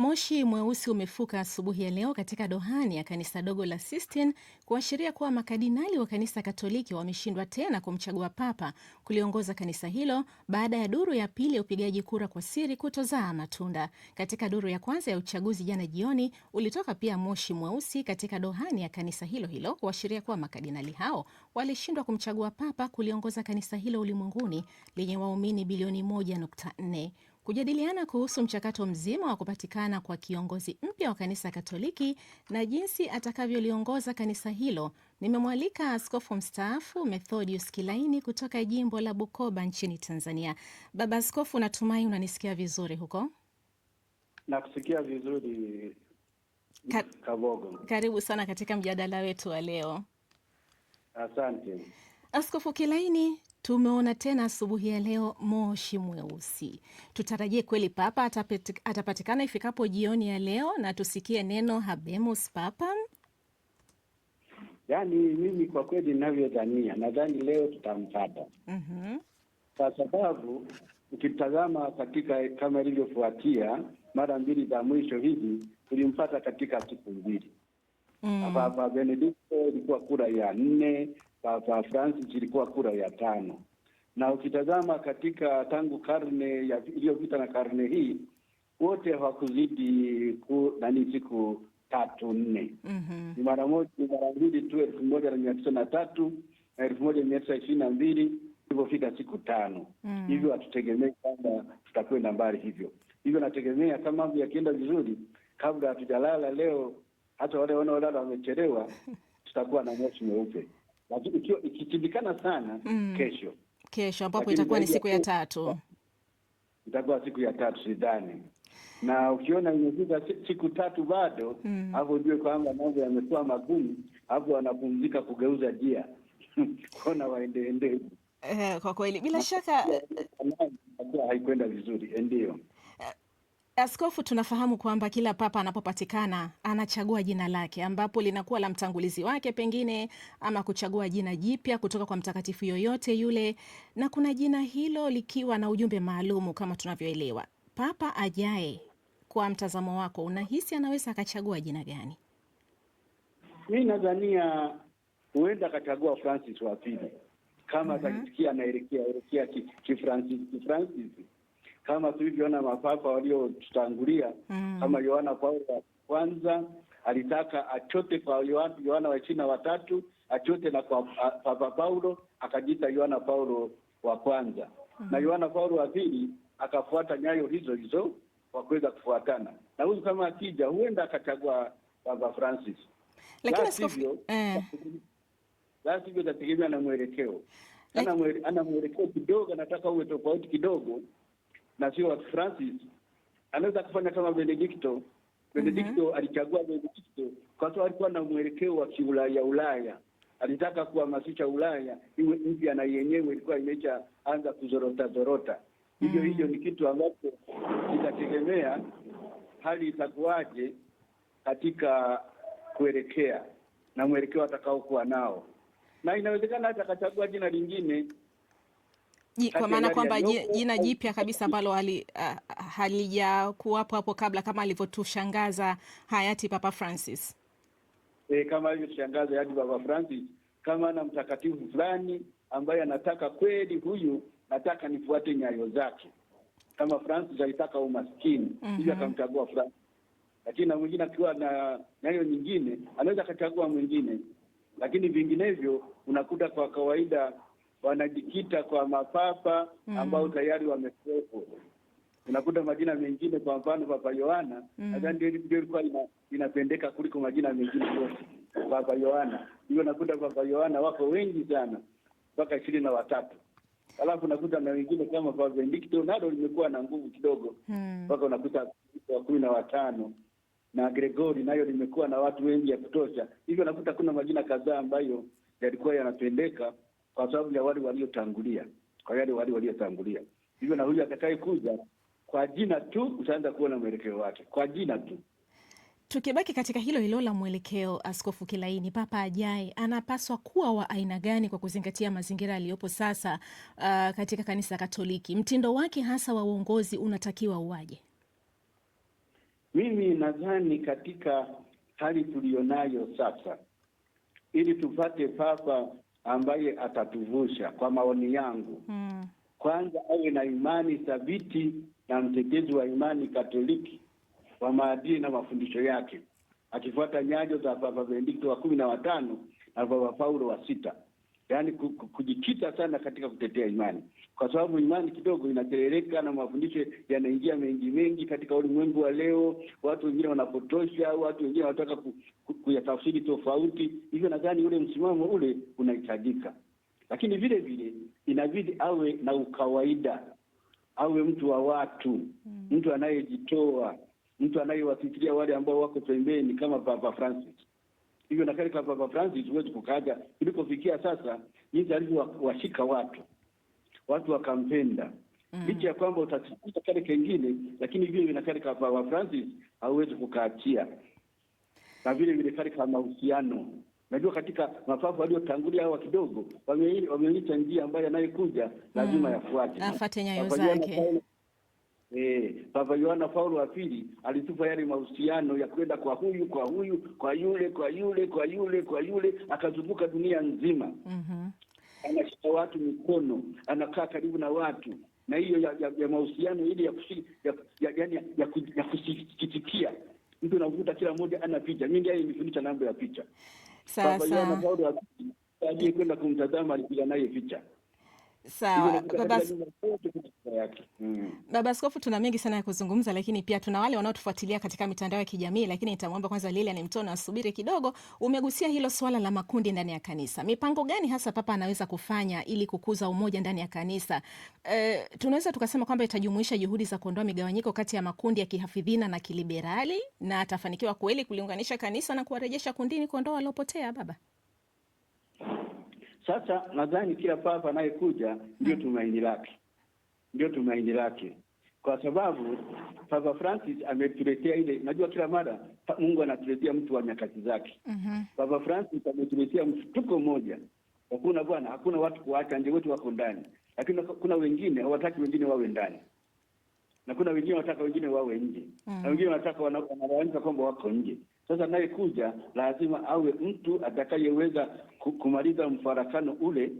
Moshi mweusi umefuka asubuhi ya leo katika dohani ya kanisa dogo la Sistine kuashiria kuwa makadinali wa kanisa Katoliki wameshindwa tena kumchagua papa kuliongoza kanisa hilo baada ya duru ya pili ya upigaji kura kwa siri kutozaa matunda. Katika duru ya kwanza ya uchaguzi jana jioni, ulitoka pia moshi mweusi katika dohani ya kanisa hilo hilo kuashiria kuwa makadinali hao walishindwa kumchagua papa kuliongoza kanisa hilo ulimwenguni lenye waumini bilioni 1.4 kujadiliana kuhusu mchakato mzima wa kupatikana kwa kiongozi mpya wa kanisa Katoliki na jinsi atakavyoliongoza kanisa hilo. Nimemwalika askofu mstaafu Methodius Kilaini kutoka jimbo la Bukoba nchini Tanzania. Baba Askofu, natumai unanisikia vizuri huko? Nakusikia vizuri Kabogo. Karibu sana katika mjadala wetu wa leo. Asante Askofu Kilaini, Tumeona tena asubuhi ya leo moshi mweusi. Tutarajie kweli papa atapatikana ifikapo jioni ya leo, na tusikie neno habemus papa. yani mimi kwa kweli ninavyodhania, nadhani leo tutampata mm -hmm. Kwa sababu ukitazama katika kama ilivyofuatia mara mbili za mwisho hivi tulimpata katika siku mbili mm. Papa Benedikto ilikuwa kura ya nne sasa France zilikuwa kura ya tano, na ukitazama katika tangu karne iliyopita na karne hii wote hawakuzidi ku, nani siku tatu nne. mm -hmm. Ni mara moja mara mbili tu, elfu moja na mia tisa na tatu na elfu moja mia tisa ishirini na mbili ilivyofika siku tano. mm -hmm. Hivyo hatutegemei kwamba tutakwenda mbali hivyo hivyo, nategemea kama mambo yakienda vizuri, kabla hatujalala leo, hata wale wanaolala wamechelewa, tutakuwa na moshi mweupe lakini ikishindikana sana mm. kesho kesho ambapo itakuwa ni siku ya tatu, itakuwa siku ya tatu sidhani. Na ukiona imefika siku tatu bado mm. hapo mm. jue kwamba mambo yamekuwa magumu, hapo wanapumzika kugeuza jia kona waendeendee. Eh, kwa kweli bila shaka eh, haikwenda vizuri, eh, ndio. Askofu, tunafahamu kwamba kila papa anapopatikana anachagua jina lake ambapo linakuwa la mtangulizi wake pengine, ama kuchagua jina jipya kutoka kwa mtakatifu yoyote yule, na kuna jina hilo likiwa na ujumbe maalumu kama tunavyoelewa. Papa ajaye, kwa mtazamo wako, unahisi anaweza akachagua jina gani? Mi nadhania huenda akachagua Francis wa pili kama mhm. atakisikia anaelekea elekea Kifrancis ki ki kama tulivyoona mapapa waliotutangulia mm. kama Yohana Paulo wa kwanza alitaka achote kwa Yohana wa ishirini na watatu achote na kwa Papa Paulo akajiita Yohana Paulo wa kwanza mm. na Yohana Paulo wa pili akafuata nyayo hizo hizo kwa kuweza kufuatana na huyu, kama akija huenda akachagua Papa Francis, lakini sivyo eh. itategemea na mwelekeo ana mwelekeo kidogo, anataka uwe tofauti kidogo na sio wa Francis. Anaweza kufanya kama Benedicto. Benedicto mm -hmm. alichagua Benedicto kwa sababu alikuwa na mwelekeo wa kiulaya Ulaya, alitaka kuhamasisha Ulaya iwe mpya, na yenyewe ilikuwa imesha anza kuzorota zorota hivyo mm -hmm. hiyo mhm. ni kitu ambacho kitategemea hali itakuwaje katika kuelekea na mwelekeo atakaokuwa nao, na inawezekana hata akachagua jina lingine kwa maana kwamba jina jipya kabisa ambalo ah, halijakuwapo hapo kabla kama alivyotushangaza hayati Papa Francis. E, kama alivyotushangaza hayati Papa Francis, kama ana mtakatifu fulani ambaye anataka kweli, huyu nataka nifuate nyayo zake, kama Francis alitaka umaskini mm hivyo -hmm. akamchagua Francis, lakini na mwingine akiwa na nyayo nyingine anaweza akachagua mwingine, lakini vinginevyo unakuta kwa kawaida wanajikita kwa mapapa mm. ambao tayari wamekuwepo. Unakuta majina mengine, kwa mfano Papa Yohana, mm. nadhani ndio ilikuwa ina, inapendeka kuliko majina mengine yote. Papa Yohana, hiyo nakuta Papa Yohana wako wengi sana mpaka ishirini na watatu alafu nakuta na wengine kama Papa Benedikto nalo limekuwa na nguvu kidogo mm. mpaka mm. unakuta wa kumi na watano na Gregori nayo limekuwa na watu wengi ya kutosha. Hivyo nakuta kuna majina kadhaa ambayo yalikuwa yanapendeka kwa sababu ya wale waliotangulia, kwa yale wale waliotangulia. Hivyo na huyu atakaye kuja kwa jina tu utaanza kuona mwelekeo wake kwa jina tu. Tukibaki katika hilo hilo la mwelekeo, Askofu Kilaini, papa ajaye anapaswa kuwa wa aina gani kwa kuzingatia mazingira yaliyopo sasa, uh, katika kanisa Katoliki? Mtindo wake hasa wa uongozi unatakiwa uwaje? Mimi nadhani katika hali tuliyonayo sasa, ili tupate papa ambaye atatuvusha kwa maoni yangu mm. Kwanza awe na imani thabiti na mtetezi wa imani Katoliki wa maadili na mafundisho yake, akifuata nyayo za Papa Benedikto wa kumi na watano na Papa Paulo wa sita yaani kujikita sana katika kutetea imani, kwa sababu imani kidogo inatereleka na mafundisho yanaingia mengi mengi katika ulimwengu wa leo. Watu wengine wanapotosha watu wengine wanataka kuyatafsiri tofauti. Hivyo nadhani ule msimamo ule unahitajika, lakini vile vile inabidi awe na ukawaida, awe mtu wa watu mm. mtu anayejitoa, mtu anayewafikiria wale ambao wako pembeni kama Papa Francis hivyo na kile Papa Francis huwezi kukaja ilipofikia sasa, jinsi alivyowashika watu watu wakampenda mm. licha ya kwamba utasikia kale kengine, lakini vile na kale Papa Francis hauwezi kukaachia, na vile vile kale kwa mahusiano Najua katika mapafu waliotangulia hawa kidogo wameonyesha njia ambayo anayekuja lazima mm. yafuate, afuate nyayo zake. Eh, Papa Yohana Paulo wa pili alitupa yale mahusiano ya kwenda kwa huyu kwa huyu kwa yule kwa yule kwa yule kwa yule, akazunguka dunia nzima mm -hmm. Anashika watu mikono, anakaa karibu na watu, na hiyo ya, ya, ya mahusiano ili ya, ya, ya, ya, ya, ya, ya kusikitikia, mtu anavuta kila mmoja ana picha. Mimi ndiye nilifundisha namba ya picha. Sasa Papa Yohana Paulo wa pili aliyekwenda kumtazama alipiga naye picha. Sawa baba, hmm. baba Askofu, tuna mengi sana ya kuzungumza, lakini pia tuna wale wanaotufuatilia katika mitandao ya kijamii, lakini nitamwomba kwanza Lilian Mtono asubiri kidogo. Umegusia hilo swala la makundi ndani ya kanisa, mipango gani hasa papa anaweza kufanya ili kukuza umoja ndani ya kanisa? E, tunaweza tukasema kwamba itajumuisha juhudi za kuondoa migawanyiko kati ya makundi ya kihafidhina na kiliberali, na atafanikiwa kweli kuliunganisha kanisa na kuwarejesha kundini kuondoa waliopotea, baba? Sasa nadhani kila papa anayekuja ndio tumaini lake, ndio tumaini lake, kwa sababu Papa Francis ametuletea ile. Najua kila mara Mungu anatuletea mtu wa nyakati zake. mm -hmm. Papa Francis ametuletea mshtuko mmoja, hakuna bwana, hakuna watu kuacha nje, wote wako ndani, lakini kuna wengine hawataki wengine wawe ndani na kuna wengine wanataka wengine wawe nje mm. na wengine wanataka wanalalamika kwamba wako nje. Sasa anayekuja lazima awe mtu atakayeweza kumaliza mfarakano ule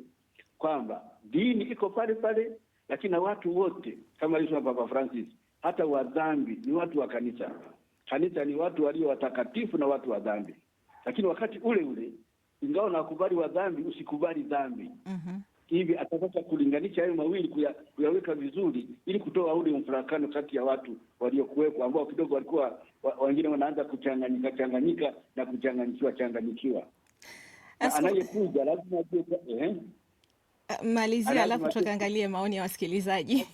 kwamba dini iko pale pale, lakini na watu wote kama alivyosema Papa Francis, hata wa dhambi ni watu wa kanisa. Kanisa ni watu walio watakatifu na watu wa dhambi, lakini wakati ule ule, ingawa nakubali wadhambi, wa dhambi, usikubali dhambi mm -hmm hivi atapata kulinganisha hayo mawili kuya, kuyaweka vizuri ili kutoa ule mfarakano kati ya watu waliokuwepo ambao kidogo walikuwa wengine wanaanza kuchanganyika changanyika na kuchanganyikiwa changanyikiwa. Anayekuja lazima eh, malizia, alafu tukaangalie maoni ya wasikilizaji.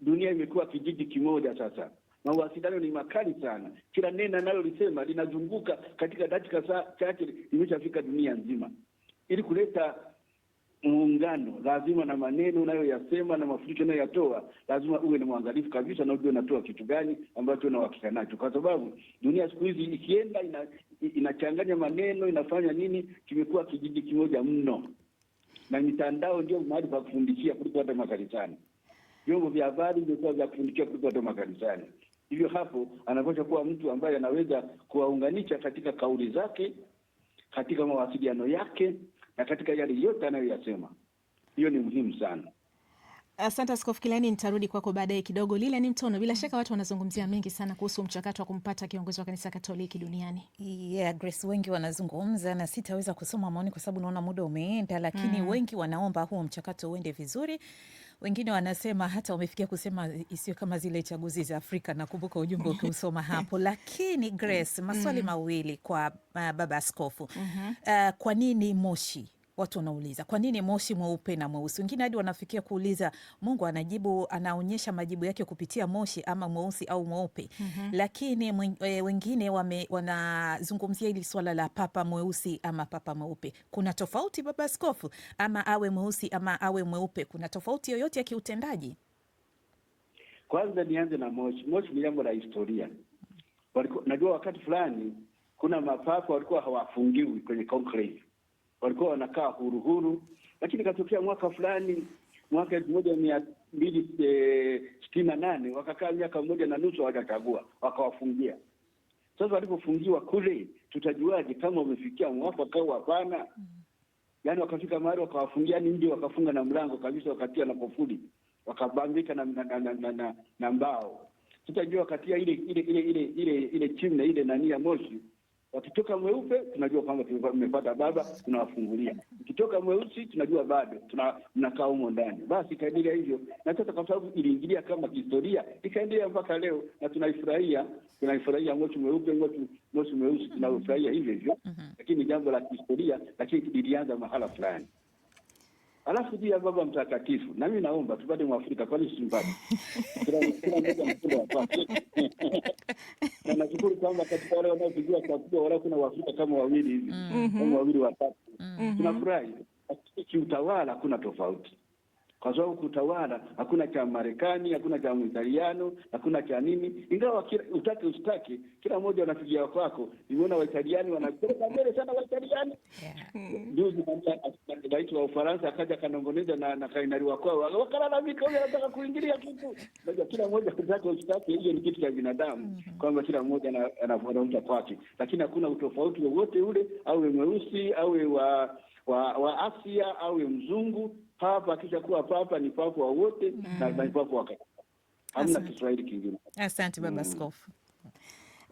Dunia imekuwa kijiji kimoja sasa mawasiliano ni makali sana. Kila neno analolisema linazunguka katika dakika saa chache, limeshafika dunia nzima ili kuleta muungano lazima na maneno unayoyasema na mafundisho unayoyatoa lazima uwe ni mwangalifu kabisa, na ujue unatoa kitu gani ambacho una nacho, kwa sababu dunia siku hizi ikienda ina, inachanganya maneno inafanya nini, kimekuwa kijiji kimoja mno, na mitandao ndio mahali pa kufundishia kuliko hata makanisani. Vyombo vya habari vimekuwa vya kufundishia kuliko hata makanisani. Hivyo hapo anapaswa kuwa mtu ambaye anaweza kuwaunganisha katika kauli zake, katika mawasiliano yake na katika yale yote anayoyasema. Hiyo ni muhimu sana. Asante Askofu Kilaini, nitarudi kwako baadaye kidogo. Lilian Mtono, bila shaka watu wanazungumzia mengi sana kuhusu mchakato wa kumpata kiongozi wa kanisa Katoliki duniani. Yeah, Grace, wengi wanazungumza na sitaweza kusoma maoni kwa sababu naona muda umeenda, lakini mm, wengi wanaomba huo mchakato uende vizuri wengine wanasema hata wamefikia kusema isiyo kama zile chaguzi za Afrika, nakumbuka ujumbe ukiusoma hapo. Lakini Grace, maswali mm -hmm. mawili kwa uh, baba askofu mm -hmm. uh, kwa nini Moshi watu wanauliza kwa nini moshi mweupe na mweusi. Wengine hadi wanafikia kuuliza Mungu anajibu, anaonyesha majibu yake kupitia moshi ama mweusi au mweupe. mm -hmm. Lakini e, wengine wame, wanazungumzia hili swala la papa mweusi ama papa mweupe. Kuna tofauti baba askofu, ama awe mweusi ama awe mweupe? Kuna tofauti yoyote ya kiutendaji? Kwanza nianze na moshi. Moshi ni jambo la historia. Waliku, najua wakati fulani kuna mapapa walikuwa hawafungiwi kwenye conclave walikuwa wanakaa huru huru, lakini ikatokea mwaka fulani, mwaka elfu moja mia mbili eh, sitini na nane wakakaa miaka mmoja na nusu hawajachagua, wakawafungia. Sasa walipofungiwa kule, tutajuaje kama wamefikia mwafaka au hapana? Yani wakafika mahali wakawafungia, yani nje, wakafunga na mlango kabisa, wakatia na kofuli, wakabambika na, na, na, na, na, na na mbao. Tutajua wakatia ile ile ile ile ile ile chimna ile nani ya moshi Wakitoka mweupe tunajua kwamba tumepata baba, tunawafungulia. Ukitoka mweusi tunajua bado mnakaa humo ndani. Basi ikaendelea hivyo, na sasa kwa sababu iliingilia kama kihistoria, ikaendelea mpaka leo na tunaifurahia, tunaifurahia moshi mweupe, moshi mweusi, tunafurahia hivyo hivyo, mm-hmm. lakini jambo la kihistoria, lakini lilianza mahala fulani. Alafu juu ya Baba Mtakatifu, mimi naomba tupate Mwafrika, kwani simbati kila Na nashukuru kwamba katika wale wanaopigiwa chakula wala kuna Waafrika kama wawili hivi mm. kama wawili watatu, mm. mm-hmm. tunafurahi. Kiutawala kuna tofauti kwa sababu kutawala hakuna cha Marekani, hakuna cha Mwitaliano, hakuna cha nini, ingawa utake usitake, kila mmoja anafikia kwako. Nimeona Waitaliani wanasonga mbele sana, Waitaliani juzi rais wa Ufaransa akaja kanongoneza na na kainari wakwao wakalalamika, huyo anataka kuingilia kitu. Kila mmoja utake usitake, hiyo ni kitu cha binadamu, mm-hmm. kwamba kila mmoja anavutafuta kwake, lakini hakuna utofauti wowote ule, awe mweusi awe wa wa, wa Asia awe mzungu Papa akishakuwa papa ni papa wa wote mm. na ni papa wa kanisa, hamna Kiswahili kingine. Asante baba mm. askofu.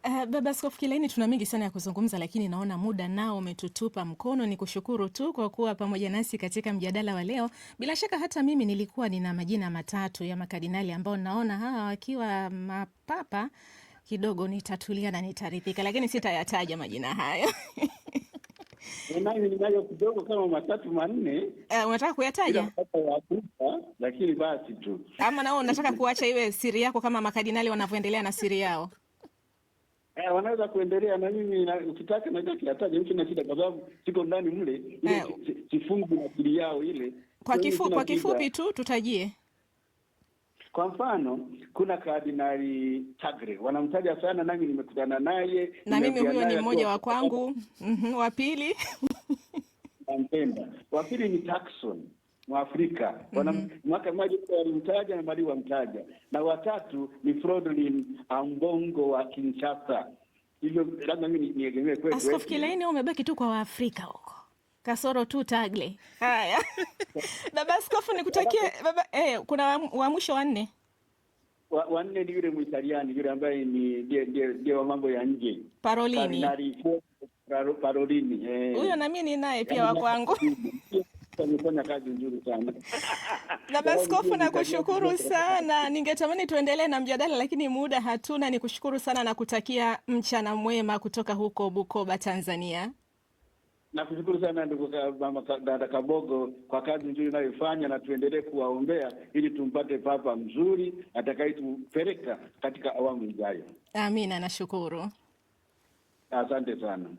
Uh, baba askofu Kilaini, tuna mengi sana ya kuzungumza, lakini naona muda nao umetutupa mkono. Ni kushukuru tu kwa kuwa pamoja nasi katika mjadala wa leo. Bila shaka hata mimi nilikuwa nina majina matatu ya makadinali ambao naona hawa wakiwa mapapa kidogo nitatulia na nitaridhika, lakini sitayataja majina hayo ninayo ninayo kidogo kama matatu manne. Uh, unataka kuyataja lakini basi tu ama nao unataka kuacha iwe siri yako kama makadinali wanavyoendelea na siri yao? Eh, wanaweza kuendelea na mimi na ukitaka naweza kuyataja, sina shida kwa sababu siko ndani mle, ile eh. sifungu na siri yao ile. Kwa kifupi kwa kifupi tu tutajie kwa mfano kuna Kardinali Tagre wanamtaja sana, nami nimekutana naye, na mimi huyo ni mmoja wa kwangu. Mhm, wa pili nampenda, wa pili ni Takson Mwafrika mhm. wana mm -hmm. mwaka mmoja walimtaja na mali wamtaja, na watatu ni frodlin Ambongo wa Kinshasa. Hivyo labda mimi niegemee kwetu. Askofu Kilaini, umebaki tu kwa Waafrika huko, kasoro tu Tagle. Haya. Baba Askofu, nikutakie baba. Eh, kuna wa mwisho wanne wanne ni yule Muitaliani yule ambaye ni ndiye wa mambo ya nje Parolini, Parolini eh. huyo, na mimi ninaye pia wa kwangu. Amefanya kazi nzuri sana. Baba Askofu, nakushukuru sana. Ningetamani tuendelee na mjadala lakini muda hatuna. Nikushukuru sana na kutakia mchana mwema kutoka huko Bukoba, Tanzania. Nakushukuru sana ndugu dada Kabogo kwa kazi nzuri unayoifanya, na tuendelee kuwaombea ili tumpate papa mzuri atakayetupeleka katika awamu ijayo. Amina, nashukuru, asante sana.